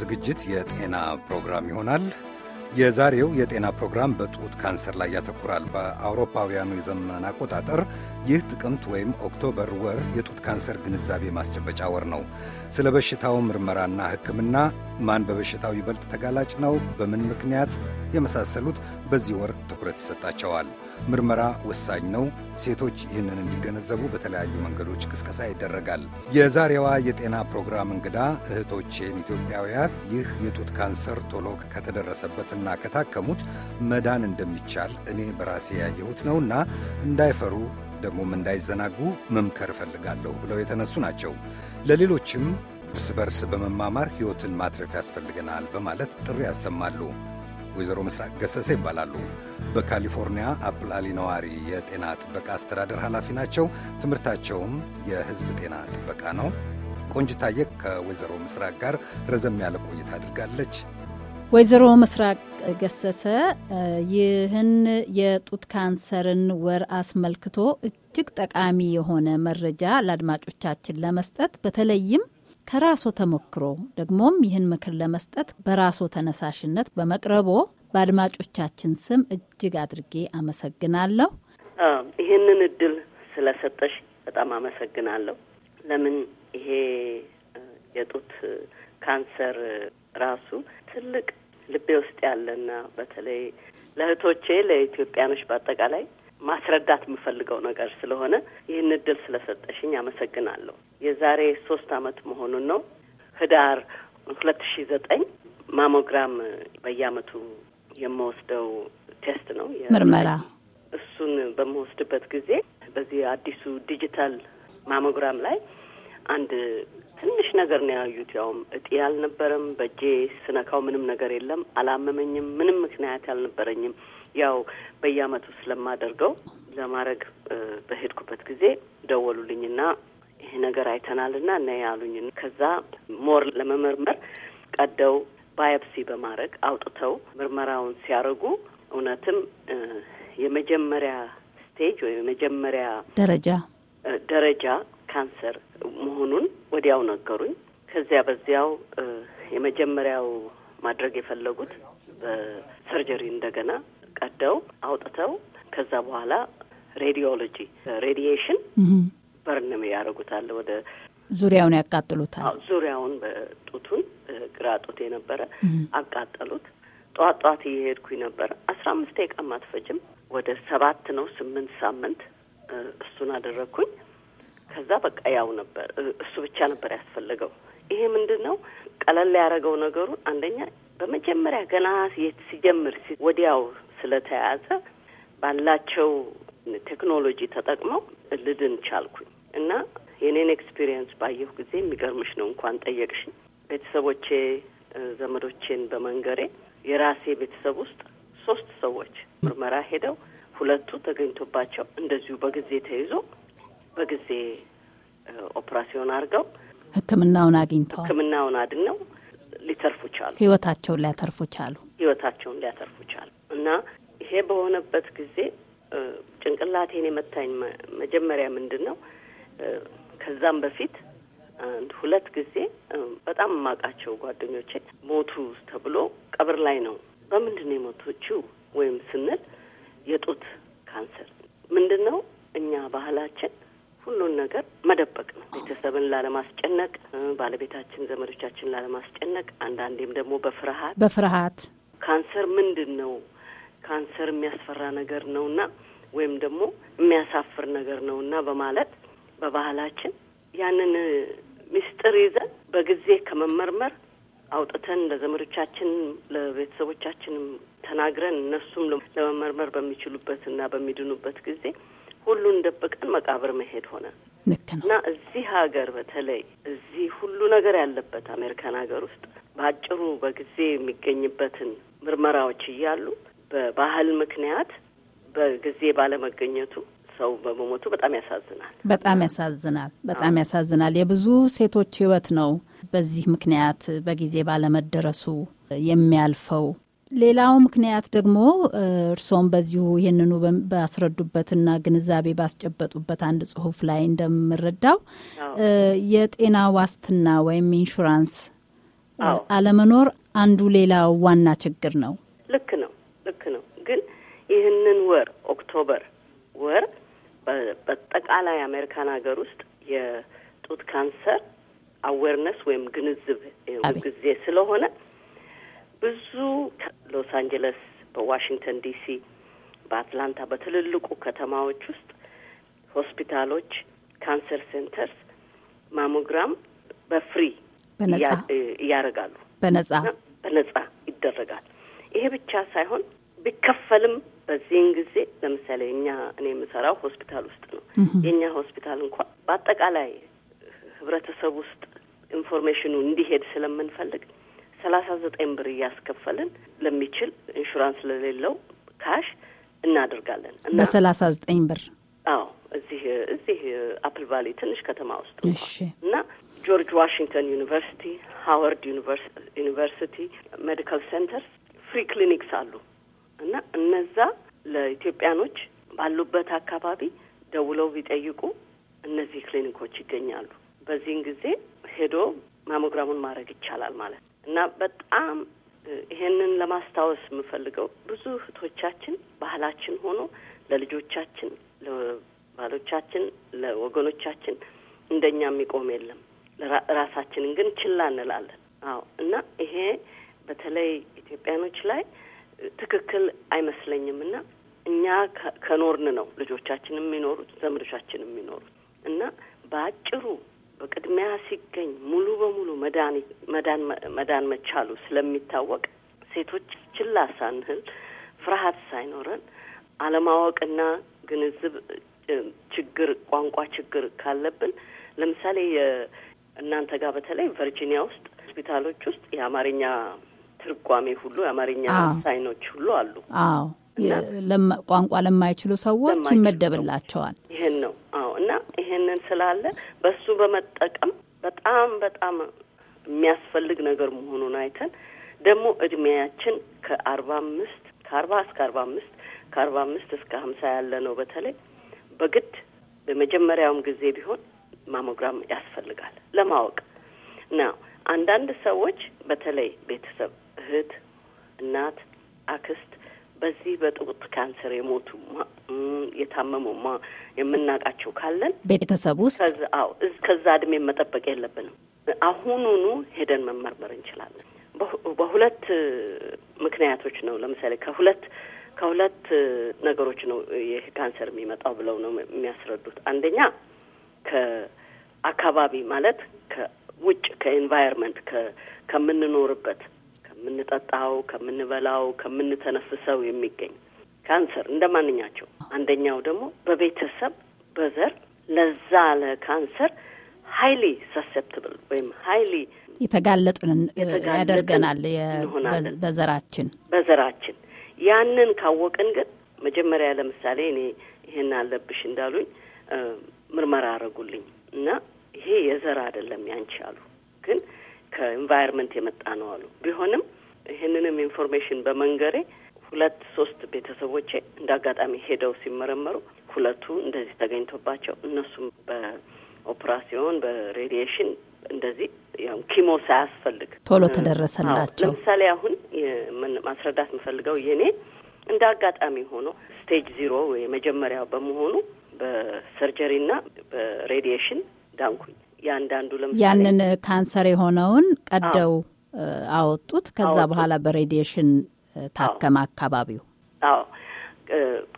ዝግጅት የጤና ፕሮግራም ይሆናል። የዛሬው የጤና ፕሮግራም በጡት ካንሰር ላይ ያተኩራል። በአውሮፓውያኑ የዘመን አቆጣጠር ይህ ጥቅምት ወይም ኦክቶበር ወር የጡት ካንሰር ግንዛቤ ማስጨበጫ ወር ነው። ስለ በሽታው ምርመራና ሕክምና፣ ማን በበሽታው ይበልጥ ተጋላጭ ነው፣ በምን ምክንያት የመሳሰሉት በዚህ ወር ትኩረት ይሰጣቸዋል። ምርመራ ወሳኝ ነው። ሴቶች ይህንን እንዲገነዘቡ በተለያዩ መንገዶች ቅስቀሳ ይደረጋል። የዛሬዋ የጤና ፕሮግራም እንግዳ እህቶቼን ኢትዮጵያውያት ይህ የጡት ካንሰር ቶሎ ከተደረሰበትና ከታከሙት መዳን እንደሚቻል እኔ በራሴ ያየሁት ነውና እንዳይፈሩ ደግሞም እንዳይዘናጉ መምከር እፈልጋለሁ ብለው የተነሱ ናቸው። ለሌሎችም እርስ በርስ በመማማር ሕይወትን ማትረፍ ያስፈልገናል በማለት ጥሪ ያሰማሉ። ወይዘሮ ምስራቅ ገሰሰ ይባላሉ። በካሊፎርኒያ አፕላሊ ነዋሪ የጤና ጥበቃ አስተዳደር ኃላፊ ናቸው። ትምህርታቸውም የሕዝብ ጤና ጥበቃ ነው። ቆንጅታየ ከወይዘሮ ምስራቅ ጋር ረዘም ያለ ቆይታ አድርጋለች። ወይዘሮ ምስራቅ ገሰሰ ይህን የጡት ካንሰርን ወር አስመልክቶ እጅግ ጠቃሚ የሆነ መረጃ ለአድማጮቻችን ለመስጠት በተለይም ከራሶ ተሞክሮ ደግሞም ይህን ምክር ለመስጠት በራሶ ተነሳሽነት በመቅረቦ በአድማጮቻችን ስም እጅግ አድርጌ አመሰግናለሁ። ይህንን እድል ስለሰጠሽ በጣም አመሰግናለሁ። ለምን ይሄ የጡት ካንሰር ራሱ ትልቅ ልቤ ውስጥ ያለና በተለይ ለእህቶቼ ለኢትዮጵያኖች በአጠቃላይ ማስረዳት የምፈልገው ነገር ስለሆነ ይህን እድል ስለሰጠሽኝ አመሰግናለሁ። የዛሬ ሶስት አመት መሆኑን ነው ህዳር ሁለት ሺ ዘጠኝ ማሞግራም በየአመቱ የምወስደው ቴስት ነው ምርመራ። እሱን በምወስድበት ጊዜ በዚህ አዲሱ ዲጂታል ማሞግራም ላይ አንድ ትንሽ ነገር ነው ያዩት። ያውም እጢ አልነበረም። በእጄ ስነካው ምንም ነገር የለም። አላመመኝም። ምንም ምክንያት አልነበረኝም። ያው በየአመቱ ስለማደርገው ለማድረግ በሄድኩበት ጊዜ ደወሉልኝና ይሄ ነገር አይተናልና እና ያሉኝ ከዛ ሞር ለመመርመር ቀደው ባዮፕሲ በማድረግ አውጥተው ምርመራውን ሲያደርጉ እውነትም የመጀመሪያ ስቴጅ ወይም የመጀመሪያ ደረጃ ደረጃ ካንሰር መሆኑን ወዲያው ነገሩኝ። ከዚያ በዚያው የመጀመሪያው ማድረግ የፈለጉት በሰርጀሪ እንደገና ቀደው አውጥተው ከዛ በኋላ ሬዲዮሎጂ ሬዲዬሽን በርንም ያደርጉታል። ወደ ዙሪያውን ያቃጥሉታል። ዙሪያውን በጡቱን ግራ ጡት የነበረ አቃጠሉት። ጠዋት ጠዋት እየሄድኩኝ ነበረ። አስራ አምስት ደቂቃ አትፈጅም። ወደ ሰባት ነው ስምንት ሳምንት እሱን አደረግኩኝ። ከዛ በቃ ያው ነበር። እሱ ብቻ ነበር ያስፈለገው። ይሄ ምንድን ነው ቀለል ያደረገው ነገሩ አንደኛ በመጀመሪያ ገና ሲጀምር ወዲያው ስለተያዘ ባላቸው ቴክኖሎጂ ተጠቅመው ልድን ቻልኩኝ እና የኔን ኤክስፒሪየንስ ባየሁ ጊዜ የሚገርምሽ ነው እንኳን ጠየቅሽኝ። ቤተሰቦቼ ዘመዶቼን በመንገሬ የራሴ ቤተሰብ ውስጥ ሶስት ሰዎች ምርመራ ሄደው ሁለቱ ተገኝቶባቸው እንደዚሁ በጊዜ ተይዞ በጊዜ ኦፕራሲዮን አድርገው ሕክምናውን አግኝተዋል። ሕክምናውን አድነው ሊተርፉ ቻሉ። ሕይወታቸውን ሊያተርፉ ቻሉ። ሕይወታቸውን ሊያተርፉ ቻሉ። እና ይሄ በሆነበት ጊዜ ጭንቅላቴን የመታኝ መጀመሪያ ምንድን ነው ከዛም በፊት አንድ ሁለት ጊዜ በጣም የማውቃቸው ጓደኞቼ ሞቱ ተብሎ ቀብር ላይ ነው በምንድን ነው የሞቶችው ወይም ስንል የጡት ካንሰር ምንድን ነው እኛ ባህላችን ሁሉን ነገር መደበቅ ነው። ቤተሰብን ላለማስጨነቅ፣ ባለቤታችን ዘመዶቻችን ላለማስጨነቅ፣ አንዳንዴም ደግሞ በፍርሃት በፍርሃት ካንሰር ምንድን ነው ካንሰር የሚያስፈራ ነገር ነውና ወይም ደግሞ የሚያሳፍር ነገር ነውና በማለት በባህላችን ያንን ሚስጥር ይዘን በጊዜ ከመመርመር አውጥተን ለዘመዶቻችን ለቤተሰቦቻችንም ተናግረን እነሱም ለመመርመር በሚችሉበትና በሚድኑበት ጊዜ ሁሉን ደብቀን መቃብር መሄድ ሆነ እና እዚህ ሀገር በተለይ እዚህ ሁሉ ነገር ያለበት አሜሪካን ሀገር ውስጥ በአጭሩ በጊዜ የሚገኝበትን ምርመራዎች እያሉ በባህል ምክንያት በጊዜ ባለመገኘቱ ሰው በመሞቱ በጣም ያሳዝናል። በጣም ያሳዝናል። በጣም ያሳዝናል። የብዙ ሴቶች ሕይወት ነው በዚህ ምክንያት በጊዜ ባለመደረሱ የሚያልፈው። ሌላው ምክንያት ደግሞ እርስዎም በዚሁ ይህንኑ ባስረዱበትና ግንዛቤ ባስጨበጡበት አንድ ጽሁፍ ላይ እንደምረዳው የጤና ዋስትና ወይም ኢንሹራንስ አለመኖር አንዱ ሌላው ዋና ችግር ነው። ይህንን ወር ኦክቶበር ወር በጠቃላይ አሜሪካን ሀገር ውስጥ የጡት ካንሰር አዌርነስ ወይም ግንዝብ ጊዜ ስለሆነ ብዙ ሎስ አንጀለስ፣ በዋሽንግተን ዲሲ፣ በአትላንታ በትልልቁ ከተማዎች ውስጥ ሆስፒታሎች፣ ካንሰር ሴንተርስ ማሞግራም በፍሪ እያደረጋሉ። በነጻ በነጻ ይደረጋል። ይሄ ብቻ ሳይሆን ቢከፈልም በዚህን ጊዜ ለምሳሌ እኛ እኔ የምሰራው ሆስፒታል ውስጥ ነው። የእኛ ሆስፒታል እንኳን በአጠቃላይ ህብረተሰብ ውስጥ ኢንፎርሜሽኑ እንዲሄድ ስለምንፈልግ ሰላሳ ዘጠኝ ብር እያስከፈልን ለሚችል ኢንሹራንስ ለሌለው ካሽ እናደርጋለን። በሰላሳ ዘጠኝ ብር አዎ፣ እዚህ እዚህ አፕል ቫሊ ትንሽ ከተማ ውስጥ እና ጆርጅ ዋሽንግተን ዩኒቨርሲቲ፣ ሀዋርድ ዩኒቨርሲቲ ሜዲካል ሴንተርስ ፍሪ ክሊኒክስ አሉ። እና እነዛ ለኢትዮጵያኖች ባሉበት አካባቢ ደውለው ቢጠይቁ እነዚህ ክሊኒኮች ይገኛሉ። በዚህን ጊዜ ሄዶ ማሞግራሙን ማድረግ ይቻላል ማለት ነው እና በጣም ይሄንን ለማስታወስ የምፈልገው ብዙ እህቶቻችን ባህላችን ሆኖ ለልጆቻችን፣ ለባሎቻችን፣ ለወገኖቻችን እንደኛ የሚቆም የለም። ራሳችንን ግን ችላ እንላለን። አዎ እና ይሄ በተለይ ኢትዮጵያኖች ላይ ትክክል አይመስለኝም እና እኛ ከኖርን ነው ልጆቻችን የሚኖሩት ዘመዶቻችን የሚኖሩት እና በአጭሩ በቅድሚያ ሲገኝ ሙሉ በሙሉ መዳን መዳን መቻሉ ስለሚታወቅ ሴቶች ችላ ሳንህል ፍርሀት ሳይኖረን አለማወቅና ግንዝብ ችግር ቋንቋ ችግር ካለብን ለምሳሌ የእናንተ ጋር በተለይ ቨርጂኒያ ውስጥ ሆስፒታሎች ውስጥ የአማርኛ ትርጓሜ ሁሉ የአማርኛ ሳይኖች ሁሉ አሉ። አዎ ቋንቋ ለማይችሉ ሰዎች ይመደብላቸዋል። ይሄን ነው። አዎ እና ይህንን ስላለ በሱ በመጠቀም በጣም በጣም የሚያስፈልግ ነገር መሆኑን አይተን ደግሞ እድሜያችን ከአርባ አምስት ከአርባ እስከ አርባ አምስት ከአርባ አምስት እስከ ሀምሳ ያለ ነው። በተለይ በግድ በመጀመሪያውም ጊዜ ቢሆን ማሞግራም ያስፈልጋል ለማወቅ እና አንዳንድ ሰዎች በተለይ ቤተሰብ እህት፣ እናት፣ አክስት በዚህ በጡት ካንሰር የሞቱ የታመሙ የምናውቃቸው ካለን ቤተሰብ ውስጥ ከዛ እድሜ መጠበቅ የለብንም። አሁኑኑ ሄደን መመርመር እንችላለን። በሁለት ምክንያቶች ነው። ለምሳሌ ከሁለት ከሁለት ነገሮች ነው ይህ ካንሰር የሚመጣው ብለው ነው የሚያስረዱት። አንደኛ ከአካባቢ ማለት ከውጭ ከኤንቫይርመንት ከምንኖርበት ከምንጠጣው፣ ከምንበላው፣ ከምንተነፍሰው የሚገኝ ካንሰር እንደ ማንኛቸው። አንደኛው ደግሞ በቤተሰብ በዘር ለዛ ለካንሰር ሀይሊ ሰሰፕትብል ወይም ሀይሊ የተጋለጥንን ያደርገናል። በዘራችን በዘራችን ያንን ካወቅን ግን መጀመሪያ ለምሳሌ እኔ ይሄን አለብሽ እንዳሉኝ ምርመራ አረጉልኝ እና ይሄ የዘር አይደለም ያንቺ አሉ። ግን ከኢንቫይርመንት የመጣ ነው አሉ። ቢሆንም ይህንንም ኢንፎርሜሽን በመንገሬ ሁለት ሶስት ቤተሰቦቼ እንደ አጋጣሚ ሄደው ሲመረመሩ ሁለቱ እንደዚህ ተገኝቶባቸው እነሱም በኦፕራሲዮን በሬዲሽን እንደዚህ ያው ኪሞ ሳያስፈልግ ቶሎ ተደረሰላቸው። ለምሳሌ አሁን ማስረዳት የምፈልገው የኔ እንደ አጋጣሚ ሆኖ ስቴጅ ዚሮ የመጀመሪያው በመሆኑ በሰርጀሪና በሬዲዬሽን ዳንኩኝ። ያንዳንዱ ለምሳሌ ያንን ካንሰር የሆነውን ቀደው አወጡት። ከዛ በኋላ በሬዲየሽን ታከመ አካባቢው። አዎ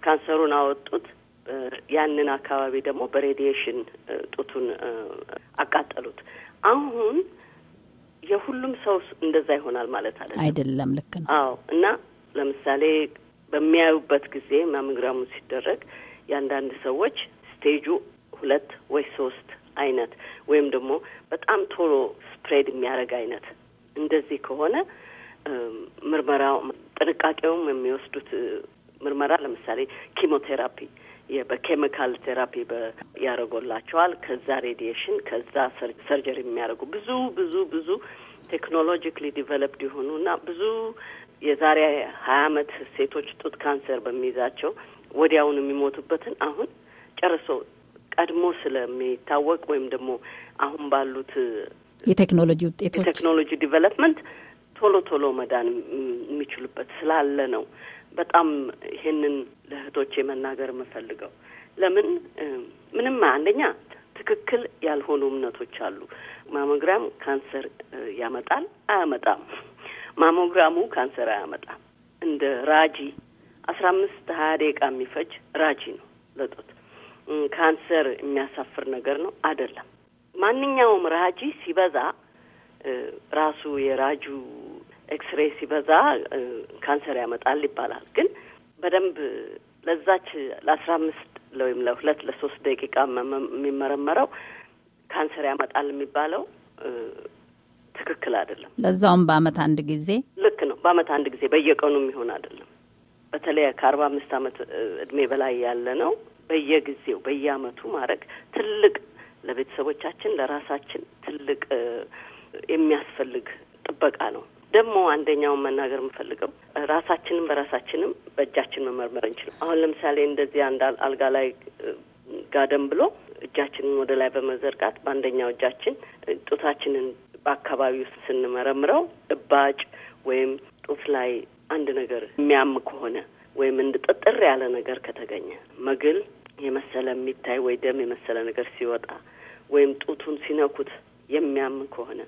ካንሰሩን አወጡት። ያንን አካባቢ ደግሞ በሬዲየሽን ጡቱን አቃጠሉት። አሁን የሁሉም ሰው እንደዛ ይሆናል ማለት አለ አይደለም። ልክ ነው። አዎ እና ለምሳሌ በሚያዩበት ጊዜ ማሞግራሙ ሲደረግ የአንዳንድ ሰዎች ስቴጁ ሁለት ወይ ሶስት አይነት ወይም ደግሞ በጣም ቶሎ ስፕሬድ የሚያደርግ አይነት እንደዚህ ከሆነ ምርመራው ጥንቃቄውም የሚወስዱት ምርመራ ለምሳሌ ኪሞቴራፒ በኬሚካል ቴራፒ ያደርጎላቸዋል። ከዛ ሬዲየሽን ከዛ ሰርጀሪ የሚያደርጉ ብዙ ብዙ ብዙ ቴክኖሎጂካሊ ዲቨሎፕድ የሆኑ እና ብዙ የዛሬ ሀያ አመት ሴቶች ጡት ካንሰር በሚይዛቸው ወዲያውን የሚሞቱበትን አሁን ጨርሶ ቀድሞ ስለሚታወቅ ወይም ደግሞ አሁን ባሉት የቴክኖሎጂ ውጤቶች የቴክኖሎጂ ዲቨሎፕመንት ቶሎ ቶሎ መዳን የሚችሉበት ስላለ ነው። በጣም ይሄንን ለእህቶቼ መናገር የምፈልገው ለምን ምንም አንደኛ ትክክል ያልሆኑ እምነቶች አሉ። ማሞግራም ካንሰር ያመጣል አያመጣም? ማሞግራሙ ካንሰር አያመጣም። እንደ ራጂ አስራ አምስት ሀያ ደቂቃ የሚፈጅ ራጂ ነው ለጡት ካንሰር የሚያሳፍር ነገር ነው አይደለም። ማንኛውም ራጂ ሲበዛ ራሱ የራጁ ኤክስሬ ሲበዛ ካንሰር ያመጣል ይባላል። ግን በደንብ ለዛች ለአስራ አምስት ወይም ለሁለት ለሶስት ደቂቃ የሚመረመረው ካንሰር ያመጣል የሚባለው ትክክል አይደለም። ለዛውም በአመት አንድ ጊዜ ልክ ነው። በአመት አንድ ጊዜ በየቀኑ የሚሆን አይደለም። በተለይ ከአርባ አምስት አመት እድሜ በላይ ያለ ነው በየጊዜው በየአመቱ ማድረግ ትልቅ ለቤተሰቦቻችን ለራሳችን ትልቅ የሚያስፈልግ ጥበቃ ነው። ደግሞ አንደኛውን መናገር የምፈልገው ራሳችንም በራሳችንም በእጃችን መመርመር እንችልም። አሁን ለምሳሌ እንደዚህ አንድ አልጋ ላይ ጋደም ብሎ እጃችንን ወደ ላይ በመዘርጋት በአንደኛው እጃችን ጡታችንን በአካባቢው ስንመረምረው እባጭ ወይም ጡት ላይ አንድ ነገር የሚያም ከሆነ ወይም እንድጠጥር ያለ ነገር ከተገኘ መግል የመሰለ የሚታይ ወይ ደም የመሰለ ነገር ሲወጣ ወይም ጡቱን ሲነኩት የሚያምን ከሆነ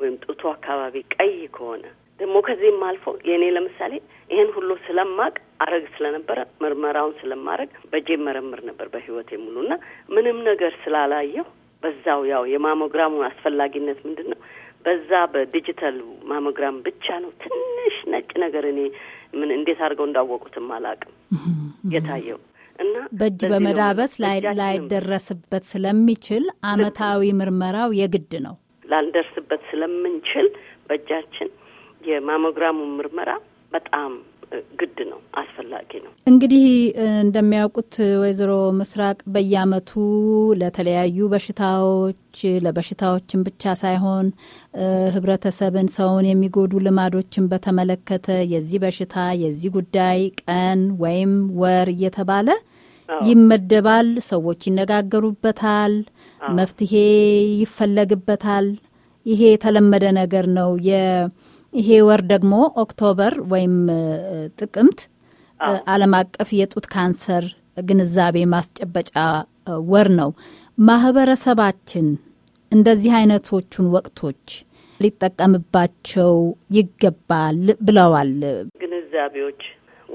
ወይም ጡቱ አካባቢ ቀይ ከሆነ ደግሞ ከዚህም አልፎ የእኔ ለምሳሌ ይሄን ሁሉ ስለማቅ አረግ ስለነበረ ምርመራውን ስለማረግ በጄ መረምር ነበር በህይወት እና ምንም ነገር ስላላየሁ በዛው ያው የማሞግራሙ አስፈላጊነት ምንድን ነው በዛ በዲጂታል ማሞግራም ብቻ ነው ትንሽ ነጭ ነገር እኔ ምን እንዴት አድርገው እንዳወቁትም አላውቅም የታየው እና በእጅ በመዳበስ ላይደረስበት ስለሚችል አመታዊ ምርመራው የግድ ነው። ላልደርስበት ስለምንችል በእጃችን የማሞግራሙ ምርመራ በጣም ግድ ነው፣ አስፈላጊ ነው። እንግዲህ እንደሚያውቁት ወይዘሮ ምስራቅ በየአመቱ ለተለያዩ በሽታዎች ለበሽታዎችን ብቻ ሳይሆን ህብረተሰብን፣ ሰውን የሚጎዱ ልማዶችን በተመለከተ የዚህ በሽታ የዚህ ጉዳይ ቀን ወይም ወር እየተባለ ይመደባል። ሰዎች ይነጋገሩበታል፣ መፍትሄ ይፈለግበታል። ይሄ የተለመደ ነገር ነው። ይሄ ወር ደግሞ ኦክቶበር ወይም ጥቅምት ዓለም አቀፍ የጡት ካንሰር ግንዛቤ ማስጨበጫ ወር ነው። ማህበረሰባችን እንደዚህ አይነቶቹን ወቅቶች ሊጠቀምባቸው ይገባል ብለዋል። ግንዛቤዎች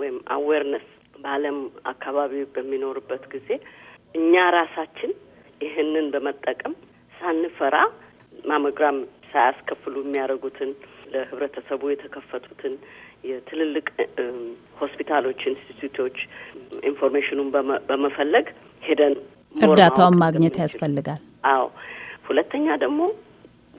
ወይም አዌርነስ በዓለም አካባቢ በሚኖርበት ጊዜ እኛ ራሳችን ይህንን በመጠቀም ሳንፈራ ማመግራም ሳያስከፍሉ የሚያደርጉትን ለህብረተሰቡ የተከፈቱትን የትልልቅ ሆስፒታሎች፣ ኢንስቲትዩቶች ኢንፎርሜሽኑን በመፈለግ ሄደን እርዳታውን ማግኘት ያስፈልጋል። አዎ። ሁለተኛ ደግሞ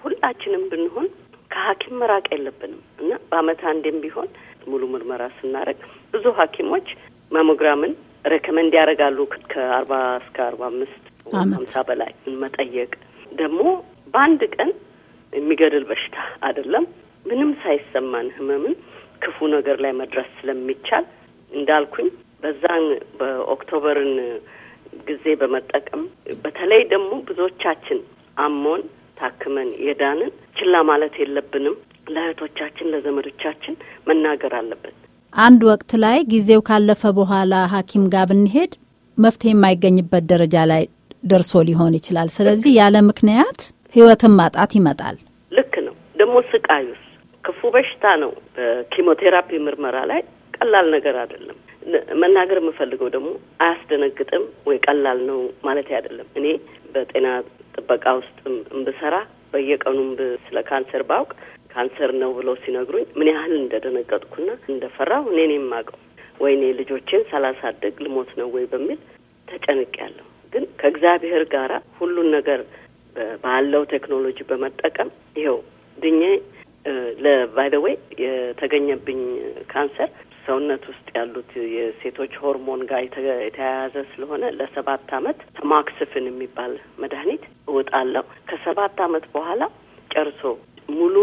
ሁላችንም ብንሆን ከሐኪም መራቅ የለብንም እና በአመት አንዴም ቢሆን ሙሉ ምርመራ ስናደርግ ብዙ ሐኪሞች ማሞግራምን ሬኮመንድ ያደርጋሉ። ከአርባ እስከ አርባ አምስት ሀምሳ በላይ መጠየቅ ደግሞ በአንድ ቀን የሚገድል በሽታ አይደለም። ምንም ሳይሰማን ህመምን ክፉ ነገር ላይ መድረስ ስለሚቻል እንዳልኩኝ በዛን በኦክቶበርን ጊዜ በመጠቀም በተለይ ደግሞ ብዙዎቻችን አሞን ታክመን የዳንን ችላ ማለት የለብንም። ለእህቶቻችን ለዘመዶቻችን መናገር አለብን። አንድ ወቅት ላይ ጊዜው ካለፈ በኋላ ሐኪም ጋር ብንሄድ መፍትሄ የማይገኝበት ደረጃ ላይ ደርሶ ሊሆን ይችላል። ስለዚህ ያለ ምክንያት ህይወትን ማጣት ይመጣል። ልክ ነው። ደግሞ ስቃዩስ ክፉ በሽታ ነው። በኪሞቴራፒ ምርመራ ላይ ቀላል ነገር አይደለም። መናገር የምፈልገው ደግሞ አያስደነግጥም ወይ ቀላል ነው ማለት አይደለም። እኔ በጤና ጥበቃ ውስጥም እምብሰራ በየቀኑም ስለ ካንሰር ባውቅ ካንሰር ነው ብለው ሲነግሩኝ ምን ያህል እንደደነገጥኩና እንደፈራሁ እኔን የማውቀው ወይኔ ልጆቼን ሳላሳደግ ልሞት ነው ወይ በሚል ተጨንቅ ግን ከእግዚአብሔር ጋር ሁሉን ነገር ባለው ቴክኖሎጂ በመጠቀም ይኸው ድኜ ለባይደዌይ የተገኘብኝ ካንሰር ሰውነት ውስጥ ያሉት የሴቶች ሆርሞን ጋር የተያያዘ ስለሆነ ለሰባት አመት ታሞክሲfen የሚባል መድኃኒት እወጣለሁ። ከሰባት አመት በኋላ ጨርሶ ሙሉ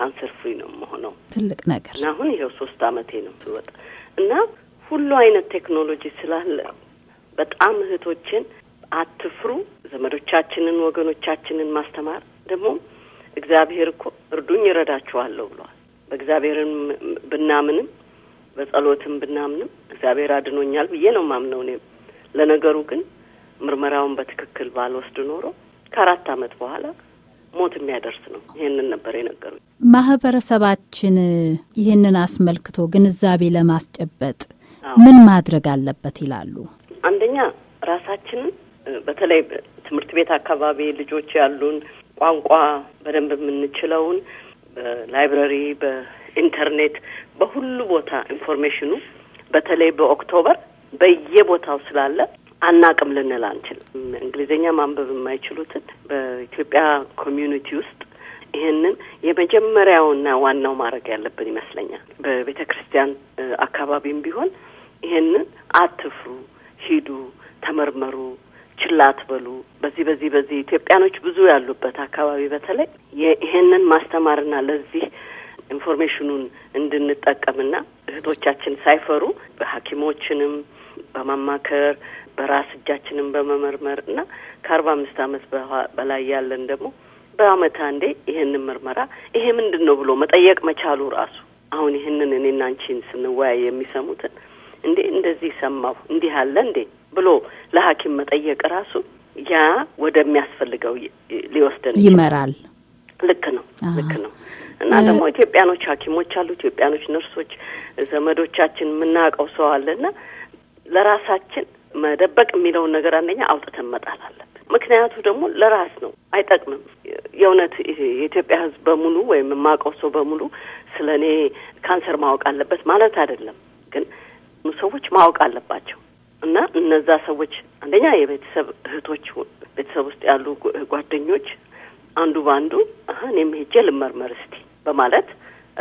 ካንሰር ፍሪ ነው መሆነው ትልቅ ነገር እና አሁን ይኸው ሶስት አመቴ ነው ስወጣ እና ሁሉ አይነት ቴክኖሎጂ ስላለ በጣም እህቶችን አትፍሩ፣ ዘመዶቻችንን ወገኖቻችንን ማስተማር ደግሞ እግዚአብሔር እኮ እርዱኝ ይረዳችኋለሁ ብሏል። በእግዚአብሔርን ብናምንም በጸሎትም ብናምንም እግዚአብሔር አድኖኛል ብዬ ነው ማምነው። እኔም ለነገሩ ግን ምርመራውን በትክክል ባልወስድ ኖሮ ከአራት አመት በኋላ ሞት የሚያደርስ ነው። ይህንን ነበር የነገሩኝ። ማህበረሰባችን ይህንን አስመልክቶ ግንዛቤ ለማስጨበጥ ምን ማድረግ አለበት ይላሉ? አንደኛ ራሳችንን በተለይ ትምህርት ቤት አካባቢ ልጆች ያሉን ቋንቋ በደንብ የምንችለውን በላይብረሪ በኢንተርኔት በሁሉ ቦታ ኢንፎርሜሽኑ በተለይ በኦክቶበር በየቦታው ስላለ አናቅም ልንል አንችልም። እንግሊዝኛ ማንበብ የማይችሉትን በኢትዮጵያ ኮሚዩኒቲ ውስጥ ይህንን የመጀመሪያውና ዋናው ማድረግ ያለብን ይመስለኛል። በቤተ ክርስቲያን አካባቢም ቢሆን ይህንን አትፍሩ፣ ሂዱ፣ ተመርመሩ፣ ችላ አትበሉ በዚህ በዚህ በዚህ ኢትዮጵያኖች ብዙ ያሉበት አካባቢ በተለይ ይሄንን ማስተማርና ለዚህ ኢንፎርሜሽኑን እንድንጠቀምና እህቶቻችን ሳይፈሩ በሀኪሞችንም በማማከር በራስ እጃችንም በመመርመር እና ከአርባ አምስት ዓመት በላይ ያለን ደግሞ በአመት አንዴ ይህንን ምርመራ ይሄ ምንድን ነው ብሎ መጠየቅ መቻሉ ራሱ አሁን ይህንን እኔና አንቺን ስንወያይ የሚሰሙትን እንዴ እንደዚህ ሰማሁ እንዲህ አለ እንዴ ብሎ ለሐኪም መጠየቅ ራሱ ያ ወደሚያስፈልገው ሊወስደን ይመራል። ልክ ነው፣ ልክ ነው። እና ደግሞ ኢትዮጵያኖች ሐኪሞች አሉ፣ ኢትዮጵያኖች ነርሶች፣ ዘመዶቻችን የምናውቀው ሰው አለና ለራሳችን መደበቅ የሚለውን ነገር አንደኛ አውጥተን መጣል ምክንያቱ ደግሞ ለራስ ነው፣ አይጠቅምም። የእውነት የኢትዮጵያ ሕዝብ በሙሉ ወይም የማውቀው ሰው በሙሉ ስለ እኔ ካንሰር ማወቅ አለበት ማለት አይደለም፣ ግን ሰዎች ማወቅ አለባቸው። እና እነዛ ሰዎች አንደኛ የቤተሰብ እህቶች፣ ቤተሰብ ውስጥ ያሉ ጓደኞች አንዱ በአንዱ አሁን የምሄጄ ልመርመር እስቲ በማለት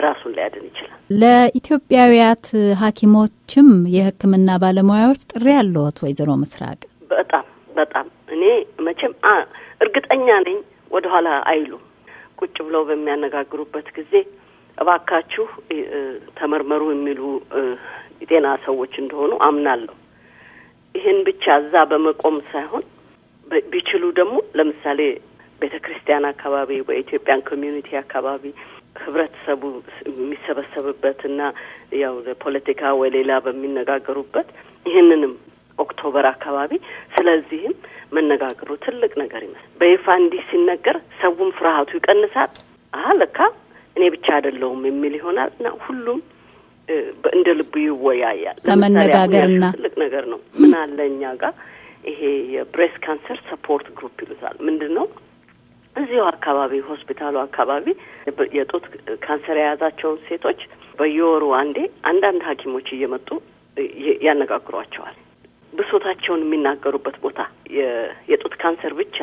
ራሱን ሊያድን ይችላል። ለኢትዮጵያውያት ሐኪሞችም የሕክምና ባለሙያዎች ጥሪ ያለዎት ወይዘሮ ምስራቅ? በጣም በጣም እኔ መቼም እርግጠኛ ነኝ ወደ ኋላ አይሉ ቁጭ ብለው በሚያነጋግሩበት ጊዜ እባካችሁ ተመርመሩ የሚሉ የጤና ሰዎች እንደሆኑ አምናለሁ። ይህን ብቻ እዛ በመቆም ሳይሆን ቢችሉ ደግሞ ለምሳሌ ቤተ ክርስቲያን አካባቢ በኢትዮጵያን ኮሚዩኒቲ አካባቢ ህብረተሰቡ የሚሰበሰብበትና ያው ፖለቲካ ወይ ሌላ በሚነጋገሩበት ይህንንም ኦክቶበር አካባቢ ስለዚህም መነጋገሩ ትልቅ ነገር ይመስል በይፋ እንዲህ ሲነገር ሰውም ፍርሃቱ ይቀንሳል። አሀ ለካ እኔ ብቻ አይደለሁም የሚል ይሆናል እና ሁሉም እንደ ልቡ ይወያያል። ለመነጋገርና ትልቅ ነገር ነው። ምን አለ እኛ ጋር ይሄ የብሬስት ካንሰር ሰፖርት ግሩፕ ይሉታል። ምንድን ነው? እዚሁ አካባቢ ሆስፒታሉ አካባቢ የጡት ካንሰር የያዛቸውን ሴቶች በየወሩ አንዴ አንዳንድ ሐኪሞች እየመጡ ያነጋግሯቸዋል። ብሶታቸውን የሚናገሩበት ቦታ የጡት ካንሰር ብቻ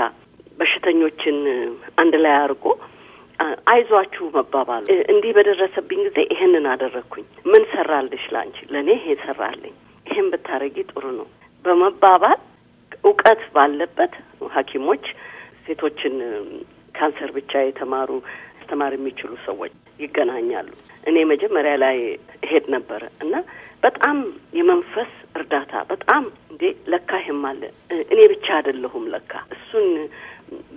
በሽተኞችን አንድ ላይ አድርጎ አይዟችሁ መባባል። እንዲህ በደረሰብኝ ጊዜ ይሄንን አደረግኩኝ፣ ምን ሰራልሽ ላንቺ፣ ለእኔ ይሄ ሰራልኝ፣ ይሄን ብታረጊ ጥሩ ነው በመባባል እውቀት ባለበት ሐኪሞች ሴቶችን ካንሰር ብቻ የተማሩ አስተማር የሚችሉ ሰዎች ይገናኛሉ። እኔ መጀመሪያ ላይ እሄድ ነበረ እና በጣም የመንፈስ እርዳታ በጣም እንዴ ለካ ይሄም አለ እኔ ብቻ አይደለሁም ለካ እሱን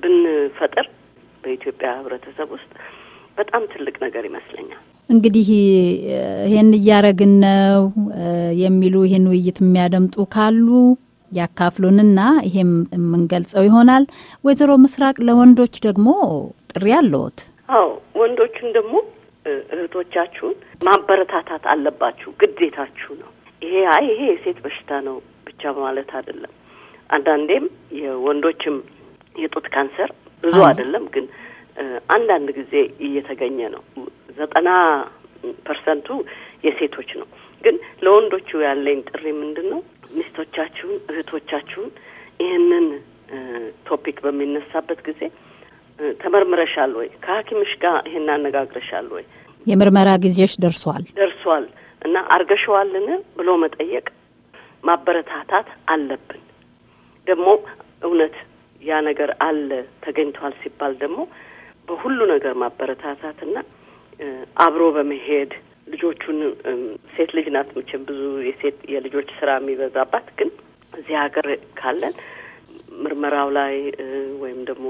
ብንፈጥር በኢትዮጵያ ህብረተሰብ ውስጥ በጣም ትልቅ ነገር ይመስለኛል። እንግዲህ ይህን እያረግን ነው የሚሉ ይህን ውይይት የሚያደምጡ ካሉ ያካፍሉንና ይሄም የምንገልጸው ይሆናል። ወይዘሮ ምስራቅ ለወንዶች ደግሞ ጥሪ አለዎት? አዎ ወንዶችን ደግሞ እህቶቻችሁን ማበረታታት አለባችሁ፣ ግዴታችሁ ነው። ይሄ አይ ይሄ የሴት በሽታ ነው ብቻ ማለት አይደለም። አንዳንዴም የወንዶችም የጡት ካንሰር ብዙ አይደለም ግን አንዳንድ ጊዜ እየተገኘ ነው። ዘጠና ፐርሰንቱ የሴቶች ነው። ግን ለወንዶቹ ያለኝ ጥሪ ምንድን ነው? ሚስቶቻችሁን፣ እህቶቻችሁን ይህንን ቶፒክ በሚነሳበት ጊዜ ተመርምረሻል ወይ? ከሐኪምሽ ጋር ይህን አነጋግረሻል ወይ? የምርመራ ጊዜሽ ደርሷል ደርሷል እና አርገሸዋልን ብሎ መጠየቅ ማበረታታት አለብን ደግሞ እውነት ያ ነገር አለ ተገኝቷል ሲባል ደግሞ በሁሉ ነገር ማበረታታትና አብሮ በመሄድ ልጆቹን ሴት ልጅ ናት መቼም ብዙ የሴት የልጆች ስራ የሚበዛባት ግን እዚህ ሀገር ካለን ምርመራው ላይ ወይም ደግሞ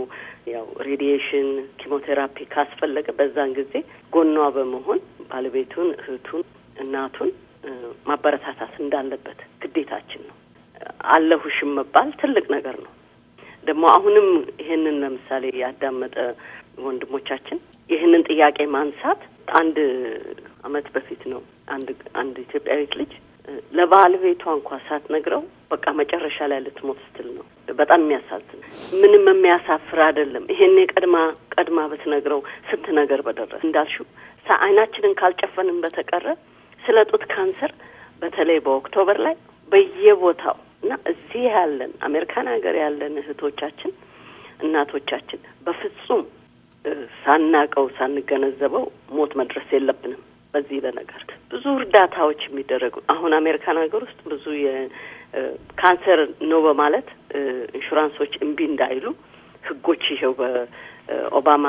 ያው ሬዲዬሽን ኪሞቴራፒ ካስፈለገ በዛን ጊዜ ጎኗ በመሆን ባለቤቱን፣ እህቱን፣ እናቱን ማበረታታት እንዳለበት ግዴታችን ነው። አለሁሽም መባል ትልቅ ነገር ነው። ደግሞ አሁንም ይህንን ለምሳሌ ያዳመጠ ወንድሞቻችን ይህንን ጥያቄ ማንሳት አንድ አመት በፊት ነው አንድ አንድ ኢትዮጵያዊት ልጅ ለባለቤቷ እንኳ ሳትነግረው በቃ መጨረሻ ላይ ልትሞት ስትል ነው። በጣም የሚያሳዝን ምንም የሚያሳፍር አይደለም። ይሄኔ ቀድማ ቀድማ ብትነግረው ስንት ነገር በደረስ እንዳልሽው አይናችንን ካልጨፈንን በተቀረ ስለ ጡት ካንሰር በተለይ በኦክቶበር ላይ በየቦታው እና እዚህ ያለን አሜሪካን ሀገር ያለን እህቶቻችን እናቶቻችን በፍጹም ሳናቀው ሳንገነዘበው ሞት መድረስ የለብንም። በዚህ በነገር ብዙ እርዳታዎች የሚደረጉ አሁን አሜሪካን ሀገር ውስጥ ብዙ የካንሰር ነው በማለት ኢንሹራንሶች እምቢ እንዳይሉ ህጎች ይሄው በኦባማ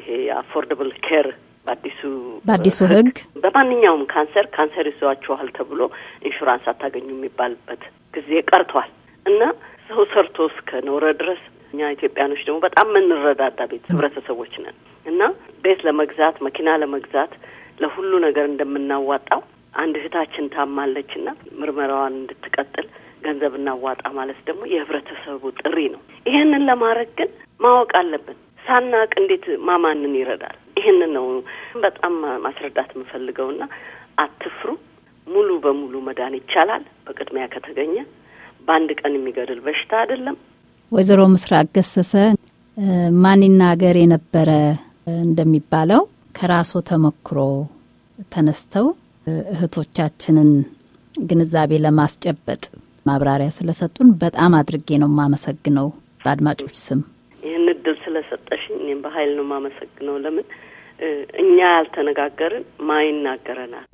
ይሄ አፎርደብል ኬር በአዲሱ በአዲሱ ህግ በማንኛውም ካንሰር ካንሰር ይዟችኋል ተብሎ ኢንሹራንስ አታገኙ የሚባልበት ጊዜ ቀርቷል እና ሰው ሰርቶ እስከ ኖረ ድረስ እኛ ኢትዮጵያኖች ደግሞ በጣም የምንረዳዳ ቤት ህብረተሰቦች ነን እና ቤት ለመግዛት መኪና ለመግዛት ለሁሉ ነገር እንደምናዋጣው አንድ እህታችን ታማለች እና ምርመራዋን እንድትቀጥል ገንዘብ እናዋጣ ማለት ደግሞ የህብረተሰቡ ጥሪ ነው። ይህንን ለማድረግ ግን ማወቅ አለብን። ሳናቅ እንዴት ማማንን ይረዳል? ይህንን ነው በጣም ማስረዳት የምፈልገውና አትፍሩ። ሙሉ በሙሉ መዳን ይቻላል። በቅድሚያ ከተገኘ በአንድ ቀን የሚገድል በሽታ አይደለም። ወይዘሮ ምስራቅ ገሰሰ ማን ይናገር የነበረ እንደሚባለው ከራሶ ተሞክሮ ተነስተው እህቶቻችንን ግንዛቤ ለማስጨበጥ ማብራሪያ ስለሰጡን በጣም አድርጌ ነው የማመሰግነው በአድማጮች ስም ይህን እድል ስለሰጠሽኝ እኔም በኃይል ነው የማመሰግነው። ለምን እኛ ያልተነጋገርን ማይናገረናል።